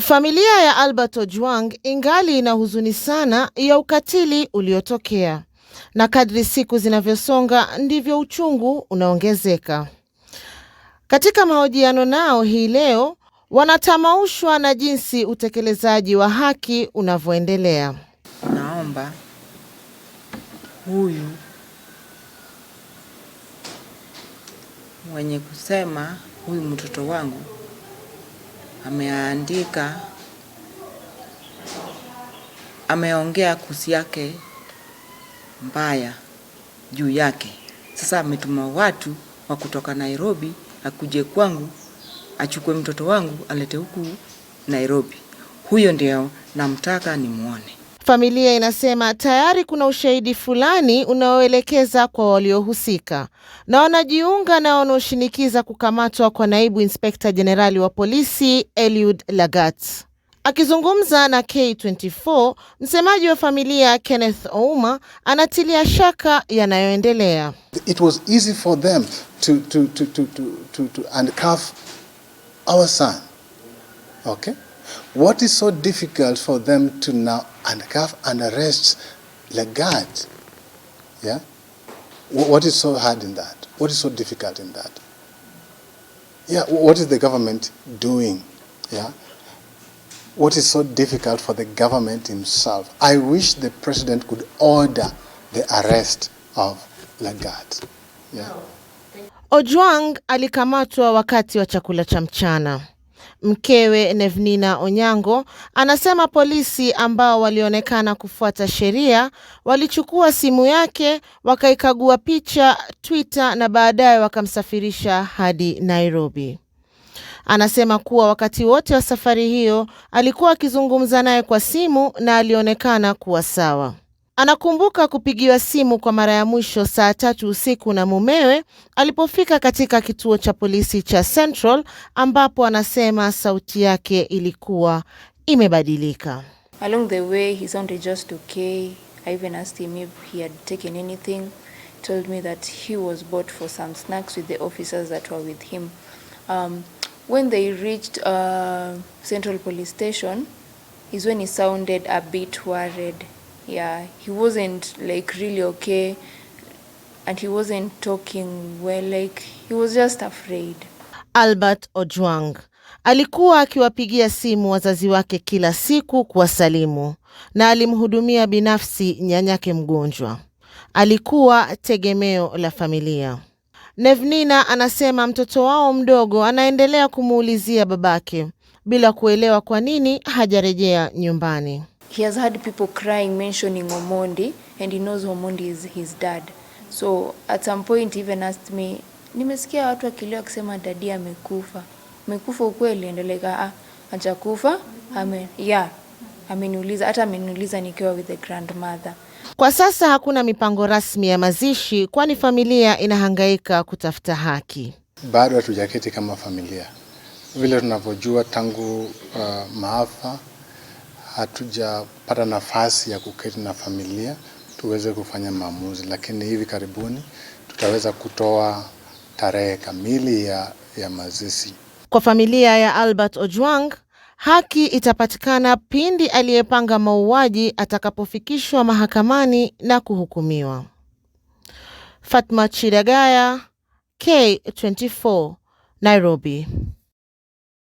Familia ya Albert Ojwang ingali ina huzuni sana ya ukatili uliotokea, na kadri siku zinavyosonga ndivyo uchungu unaongezeka. Katika mahojiano nao hii leo, wanatamaushwa na jinsi utekelezaji wa haki unavyoendelea. Naomba huyu mwenye kusema huyu mtoto wangu ameandika, ameongea kuhusu yake mbaya juu yake. Sasa ametuma watu wa kutoka Nairobi akuje kwangu achukue mtoto wangu alete huku Nairobi. Huyo ndio namtaka nimuone. Familia inasema tayari kuna ushahidi fulani unaoelekeza kwa waliohusika na wanajiunga na wanaoshinikiza kukamatwa kwa naibu inspekta jenerali wa polisi Eliud Lagat. Akizungumza na K24, msemaji wa familia Kenneth Ouma anatilia shaka yanayoendelea. It was easy for them to, to, to, to, to, to, to handcuff our son. Okay? What is so difficult for them to now handcuff and arrest guard? Yeah? What is so hard in that? What is so difficult in that? Yeah, what is the government doing? Yeah? What is so difficult for the government himself? I wish the president could order the arrest of Lagarde. Yeah. Ojwang alikamatwa wakati wa chakula cha mchana. Mkewe nevnina Onyango anasema polisi ambao walionekana kufuata sheria walichukua simu yake, wakaikagua picha, Twitter na baadaye wakamsafirisha hadi Nairobi. Anasema kuwa wakati wote wa safari hiyo alikuwa akizungumza naye kwa simu na alionekana kuwa sawa. Anakumbuka kupigiwa simu kwa mara ya mwisho saa tatu usiku na mumewe alipofika katika kituo cha polisi cha Central ambapo anasema sauti yake ilikuwa imebadilika. Along the way he sounded just okay. I even asked him if he had taken anything. Told me that he was bought for some snacks with the officers that were with him. Um, when they reached uh, Central Police Station is when he sounded a bit worried yeah he wasn't like really okay and he wasn't talking well like he was just afraid. Albert Ojwang alikuwa akiwapigia simu wazazi wake kila siku kuwasalimu na alimhudumia binafsi nyanyake mgonjwa. Alikuwa tegemeo la familia. Nevnina anasema mtoto wao mdogo anaendelea kumuulizia babake bila kuelewa kwa nini hajarejea nyumbani he has heard people crying mentioning Omondi and he knows Omondi is his dad so at some point he even asked me nimesikia watu akilia wakisema dadi amekufa amekufa ukweli and like ah, ah hajakufa amen yeah ameniuliza hata ameniuliza nikiwa with the grandmother kwa sasa hakuna mipango rasmi ya mazishi kwani familia inahangaika kutafuta haki bado hatujaketi kama familia vile tunavyojua tangu uh, maafa hatujapata nafasi ya kuketi na familia tuweze kufanya maamuzi, lakini hivi karibuni tutaweza kutoa tarehe kamili ya, ya mazishi. Kwa familia ya Albert Ojwang, haki itapatikana pindi aliyepanga mauaji atakapofikishwa mahakamani na kuhukumiwa. Fatma Chidagaya, K24, Nairobi.